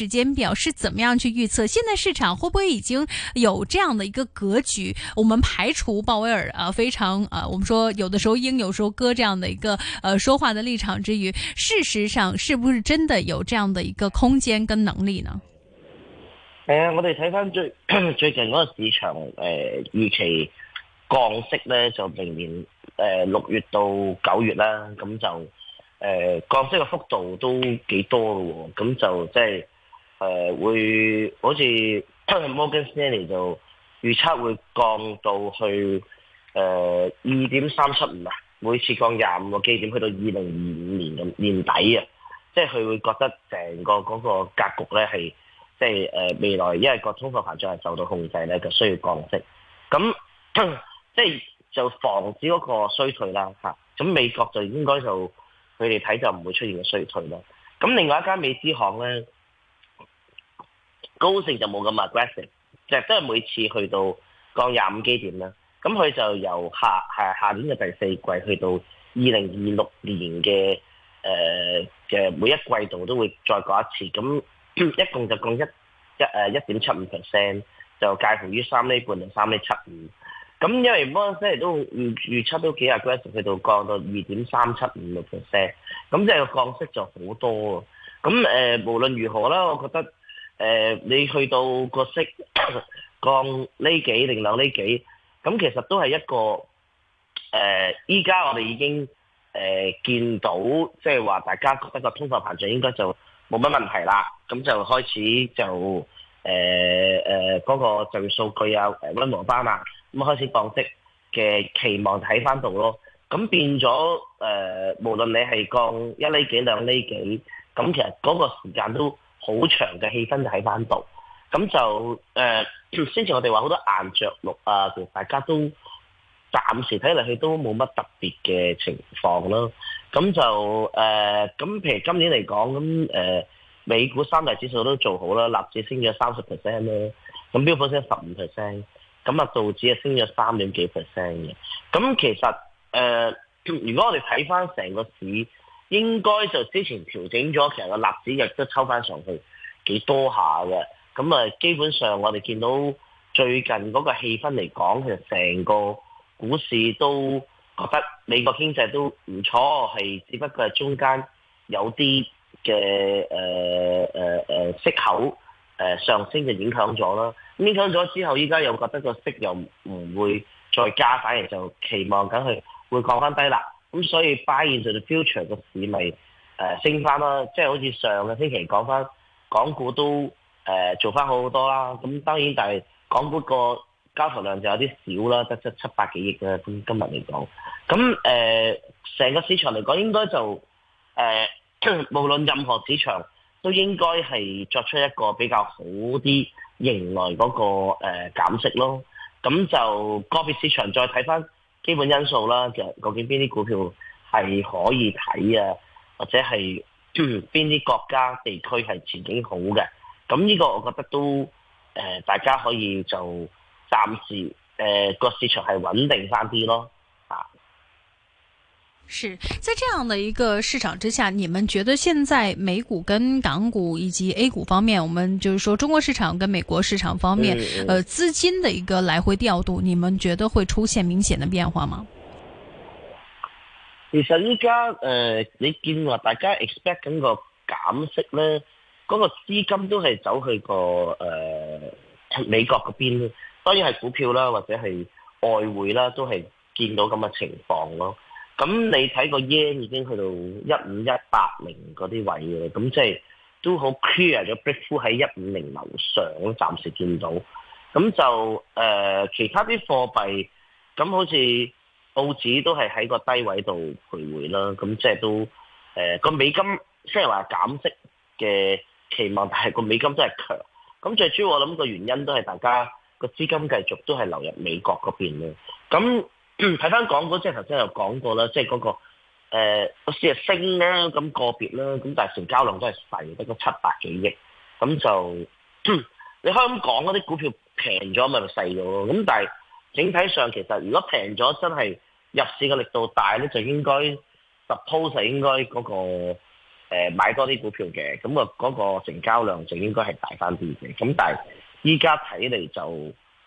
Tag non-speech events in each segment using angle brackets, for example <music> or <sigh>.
時間表是怎麼樣去預測？現在市場會不會已經有這樣的一個格局？我們排除鮑威爾啊，非常啊，我們說有的時候鷹，有時候鴿這樣的一個呃說話的立場之餘，事實上是不是真的有這樣的一個空間跟能力呢？係啊、呃，我哋睇翻，最最近嗰個市場誒預期降息咧，就明年誒呃、六月到九月啦，咁就誒、呃、降息嘅幅度都幾多嘅喎、哦，咁就即係。誒、呃、會好似 Morgan Stanley 就預測會降到去誒二點三七五啊，呃、75，每次降廿五個基點去到二零二五年嘅年底啊，即係佢會覺得成個嗰個格局咧係即係誒、呃、未來因為個通貨膨脹係受到控制咧，就需要降息，咁、呃、即係就防止嗰個衰退啦嚇。咁美國就應該就佢哋睇就唔會出現嘅衰退咯。咁另外一間美資行咧。高盛就冇咁 aggressive，即係都係每次去到降廿五基點啦。咁佢就由下係下年嘅第四季去到二零二六年嘅誒嘅每一季度都會再降一次，咁一共就降一一誒一點七五 percent，就介乎於三厘半到三厘七五。咁因為摩斯都預預測都幾下 aggressive 去到降到二點三七五六 percent，咁即係個降息就好多喎。咁誒、呃，無論如何啦，我覺得。誒、呃，你去到個息 <coughs> 降厘幾定兩厘幾，咁、嗯、其實都係一個誒，依、呃、家我哋已經誒、呃、見到，即係話大家覺得個通貨膨脹應該就冇乜問題啦，咁、嗯、就開始就誒誒嗰個就業數據啊，誒溫和翻啦，咁、嗯、開始降息嘅期望睇翻到咯，咁、嗯、變咗誒、呃，無論你係降一厘幾兩厘幾，咁、嗯、其實嗰個時間都。好長嘅氣氛就喺翻度，咁就誒，先前我哋話好多硬着陸啊，其實大家都暫時睇落去都冇乜特別嘅情況咯。咁就誒，咁、呃、譬如今年嚟講，咁、呃、誒，美股三大指數都做好啦，納指升咗三十 percent 咧，咁標普升十五 percent，咁啊道指啊升咗三點幾 percent 嘅。咁其實誒、呃，如果我哋睇翻成個市。應該就之前調整咗，其實個納指亦都抽翻上去幾多下嘅。咁啊，基本上我哋見到最近嗰個氣氛嚟講，其實成個股市都覺得美國經濟都唔錯，係只不過係中間有啲嘅誒誒誒息口誒、呃、上升就影響咗啦。影響咗之後，依家又覺得個息又唔會再加，反而就期望緊佢會降翻低啦。咁所以 buy into the future 個市咪誒升翻啦，即係好似上個星期講翻，港股都誒做翻好好多啦。咁當然，但係港股個交投量就有啲少啦，得七七百幾億嘅。咁今日嚟講，咁誒成個市場嚟講，應該就誒、呃、無論任何市場都應該係作出一個比較好啲迎來嗰個誒減息咯。咁就個別市場再睇翻。基本因素啦，究竟邊啲股票係可以睇啊？或者係邊啲國家地區係前景好嘅？咁呢個我覺得都誒、呃、大家可以就暫時誒個、呃、市場係穩定翻啲咯。是在這樣的一個市場之下，你們覺得現在美股、跟港股以及 A 股方面，我們就是說中國市場跟美國市場方面，嗯、呃，資金的一個來回調度，你們覺得會出現明顯的變化嗎？其實依家誒，你見話大家 expect 緊個減息咧，嗰個資金都係走去個誒、呃、美國嗰邊，當然係股票啦，或者係外匯啦，都係見到咁嘅情況咯。咁你睇個 yen 已經去到一五一八零嗰啲位嘅，咁即係都好 clear 咗 break through 喺一五零樓上，暫時見到。咁就誒其他啲貨幣，咁好似澳紙都係喺個低位度徘徊啦。咁即係都誒個美金雖然話減息嘅期望，但係個美金真係強。咁最主要我諗個原因都係大家個資金繼續都係流入美國嗰邊咧。咁睇翻港股，即係頭先有講過啦，即係嗰、那個誒個、呃、市升啦，咁、那個別啦，咁但係成交量真係細，得個七百幾億，咁就、嗯、你香港嗰啲股票平咗咪細咗咯？咁但係整體上其實如果平咗真係入市嘅力度大咧，就應該 suppose 係應該嗰、那個、呃、買多啲股票嘅，咁個嗰個成交量就應該係大翻啲嘅。咁但係依家睇嚟就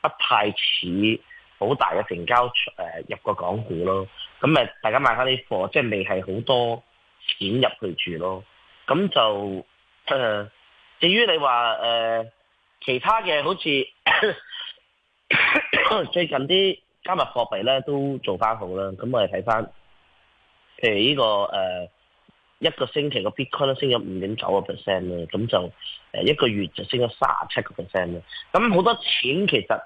不太似。好大嘅成交，誒、呃、入個港股咯，咁咪大家買翻啲貨，即係未係好多錢入去住咯，咁就誒、呃、至於你話誒、呃、其他嘅，好似 <coughs> 最近啲加密貨幣咧都做翻好啦，咁我哋睇翻譬如呢、呢個誒、呃、一個星期個 Bitcoin 升咗五點九個 percent 咧，咁就誒一個月就升咗三十七個 percent 咧，咁好多錢其實。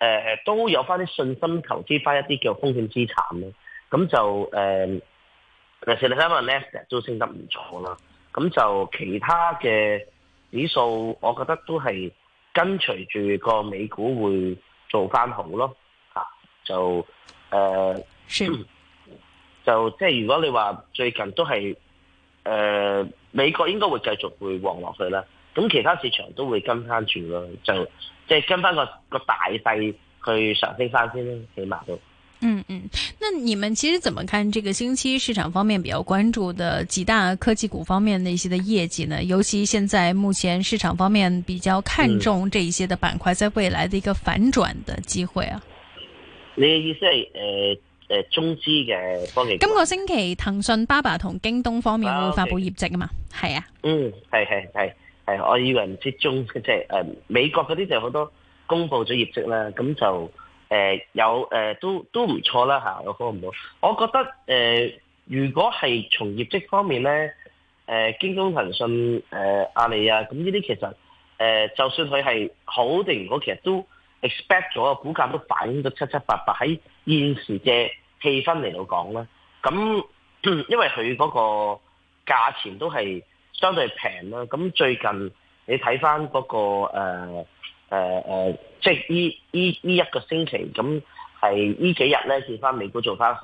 誒、呃，都有翻啲信心，投資翻一啲叫風險資產咧。咁就誒、呃，尤其是你睇下 Nasdaq 都升得唔錯啦。咁就其他嘅指數，我覺得都係跟隨住個美股會做翻好咯。嚇，呃、的就誒，就即係如果你話最近都係誒、呃、美國應該會繼續會旺落去啦。咁其他市場都會跟翻住咯，就即係跟翻個個大勢去上升翻先啦，起碼都。嗯嗯，那你們其實怎麼看這個星期市場方面比較關注的幾大科技股方面那些的業績呢？尤其現在目前市場方面比較看重這一些的板塊在未來的一個反轉的機會啊？嗯，你的意思係誒誒中資嘅方面？今個星期騰訊、巴巴同京東方面會發布業績啊嘛？係啊。Okay. 啊嗯，係係係。係，我以為唔知中即係誒美國嗰啲就好多公布咗業績啦，咁就誒、呃、有誒、呃、都都唔錯啦嚇，我講唔到。我覺得誒、呃，如果係從業績方面咧，誒、呃、京東、騰訊、誒阿里啊，咁呢啲其實誒、呃，就算佢係好定唔好，如果其實都 expect 咗，股價都反映得七七八八。喺現時嘅氣氛嚟到講啦，咁因為佢嗰個價錢都係，相對平啦，咁最近你睇翻嗰個誒誒、呃呃、即係呢依依一個星期，咁係呢幾日咧見翻美股做翻好，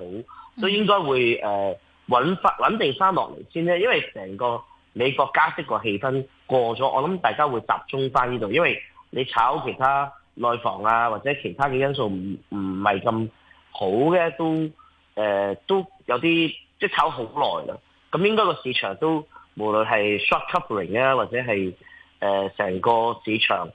所以應該會誒穩翻穩定翻落嚟先咧，因為成個美國加息個氣氛過咗，我諗大家會集中翻呢度，因為你炒其他內房啊或者其他嘅因素唔唔係咁好嘅，都誒、呃、都有啲即係炒好耐啦，咁應該個市場都。無論係 short covering 啊，或者係誒成個市場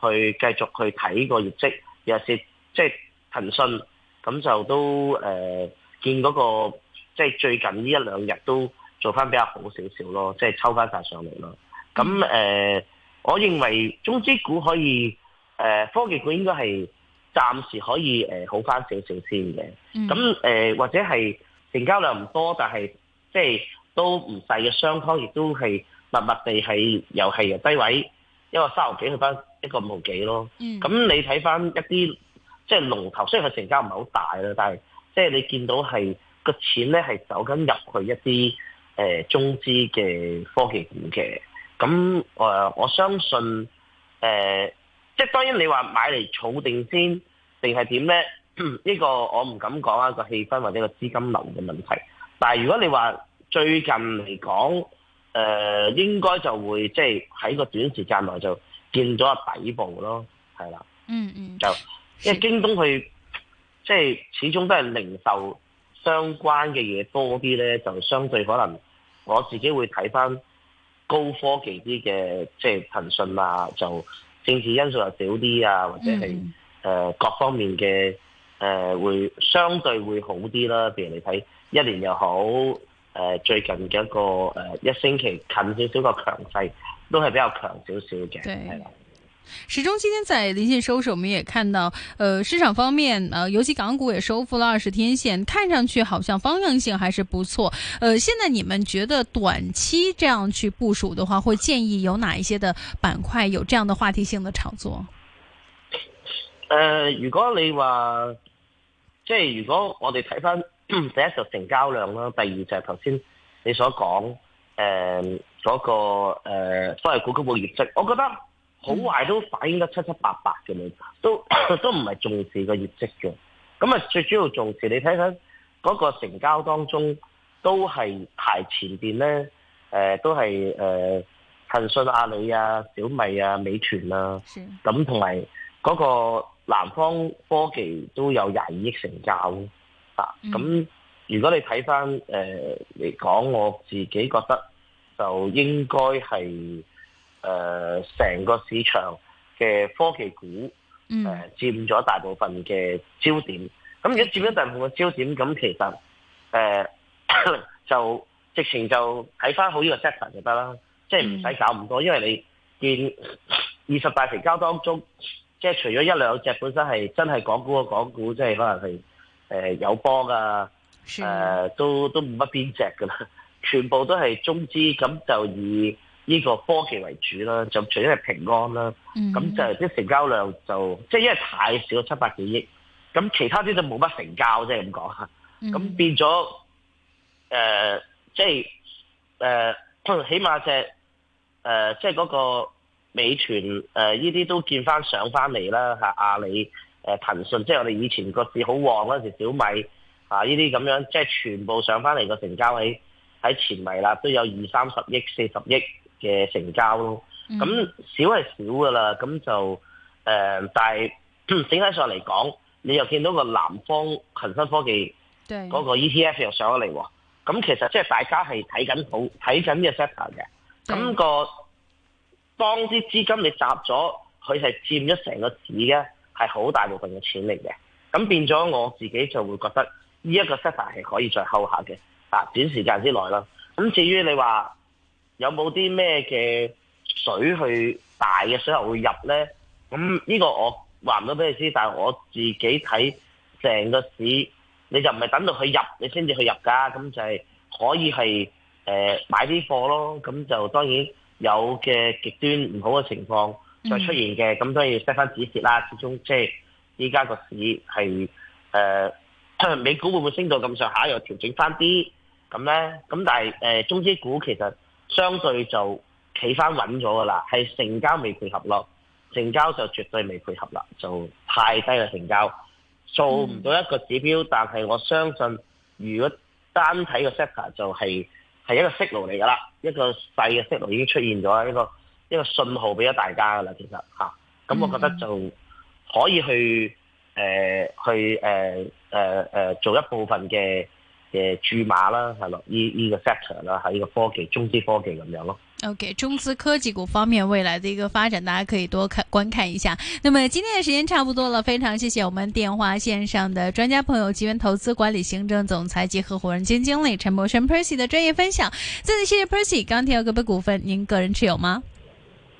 去繼續去睇個業績，又係即係騰訊，咁就都誒、呃、見嗰、那個即係、就是、最近呢一兩日都做翻比較好少少咯，即係抽翻晒上嚟咯。咁誒、呃，我認為中資股可以誒、呃、科技股應該係暫時可以誒、呃、好翻少少先嘅。咁誒、呃、或者係成交量唔多，但係即係。都唔細嘅商湯，亦都係默默地係又係嘅低位，一個三毫幾去翻，一個五毫幾咯。咁、嗯、你睇翻一啲即係龍頭，雖然佢成交唔係好大啦，但係即係你見到係個錢咧係走緊入去一啲、呃、中資嘅科技股嘅。咁我，我相信即係、呃即係、當然你話買嚟儲定先定係點咧？呢、 <coughs> 呢個我唔敢講呀，個氣氛或者個資金流嘅問題。但係如果你話，最近嚟講，誒、呃、應該就會即係喺個短時間內就見咗個底部咯，係啦。嗯嗯。就因為京東佢即係始終都係零售相關嘅嘢多啲咧，就相對可能我自己會睇返高科技啲嘅，即、就、係、是、騰訊啊，就政治因素又少啲啊，或者係誒、嗯嗯呃、各方面嘅誒、呃、會相對會好啲啦。譬如你睇一年又好。最近嘅一個誒、呃、一星期近少少個強勢，都係比較強少少嘅。對，係啦的。始終今天在臨近收市，我們也看到，呃市場方面，呃尤其港股也收復了二十天線，看上去好像方向性還是不錯。呃現在你們覺得短期這樣去部署的話，會建議有哪一些的板塊有這樣的話題性的炒作？呃如果你話，即係如果我哋睇返。第一就成交量啦，第二就係頭先你所講誒，嗰、呃那個誒、呃，所謂股公布業績。我覺得好壞都反映得七七八八嘅啦，都 <coughs> 都唔係重視個業績嘅。咁啊，最主要重視你睇睇嗰個成交當中，都係排前邊咧。誒、呃，都係誒，騰訊、阿里啊、小米啊、美團啦、啊，咁同埋嗰個南方科技都有廿二億成交。咁、嗯、如果你睇翻誒嚟講，呃、我自己覺得就應該係誒成個市場嘅科技股誒、嗯呃、佔咗大部分嘅焦點。咁如果佔咗大部分嘅焦點，咁其實誒、呃、 <coughs> 就直情就睇翻好呢個 set 就得啦，即係唔使搞咁多，嗯、因為你見二十大成交當中，即、就、係、是、除咗一兩隻本身係真係港股嘅港股、就是，即係可能係。誒、呃、有波啊，誒、呃、都都冇乜邊隻㗎喇，全部都係中資，咁就以呢個科技為主啦，就除咗係平安啦，咁、mm hmm. 就啲成交量就即係因為太少，七百幾億，咁其他啲就冇乜成交啫，咁、就、講、是，咁變咗誒即係誒起碼隻誒即係嗰個美團誒呢啲都見翻上翻嚟啦，吓阿里。誒、啊、騰訊，即係我哋以前個市好旺嗰陣時，小米啊呢啲咁樣，即係全部上翻嚟個成交喺喺前圍啦，都有二三十億、四十億嘅成交咯。咁少係少噶啦，咁就誒、呃，但係、嗯、整體上嚟講，你又見到個南方恆生科技嗰個 ETF 又上咗嚟喎。咁對其實即係大家係睇緊好，睇緊呢個 set 嘅，咁對、個當啲資金你集咗，佢係佔咗成個市嘅。係好大部分嘅錢嚟嘅，咁變咗我自己就會覺得呢一個 set 係可以再 hold 下嘅，啊短時間之內啦。咁至於你話有冇啲咩嘅水去大嘅水喉會入呢？咁呢個我話唔到俾你知，但係我自己睇成個市，你就唔係等到佢入你先至去入㗎，咁就係可以係誒、呃、買啲貨咯。咁就當然有嘅極端唔好嘅情況。再出現嘅，咁都要 set 翻止蝕啦。始終即係依家個市係誒、呃，美股會唔會升到咁上下？又調整翻啲咁咧？咁但係誒、呃，中資股其實相對就企翻穩咗噶啦，係成交未配合咯，成交就絕對未配合啦，就太低嘅成交，做唔到一個指標。但係我相信，如果單睇、就是、個 sector 就係係一個息流嚟噶啦，一個細嘅息流已經出現咗啦，一個。一個信號俾咗大家噶啦，其實吓咁，啊、那我覺得就可以去誒、嗯呃，去誒，誒、呃，誒、呃呃，做一部分嘅嘅，呃、注碼啦，係咯，呢、這、呢個 sector 啦，喺、這個科技中資科技咁樣咯。O、okay, K. 中資科技股方面未來的一個發展，大家可以多看觀看一下。那麼今天嘅時間差不多了，非常謝謝我們電話線上的專家朋友，集源投資管理行政總裁及合伙人兼經，經理陳柏軒 Percy 的專業分享。再次謝謝 Percy e 鋼鐵股嘅股份，您個人持有嗎？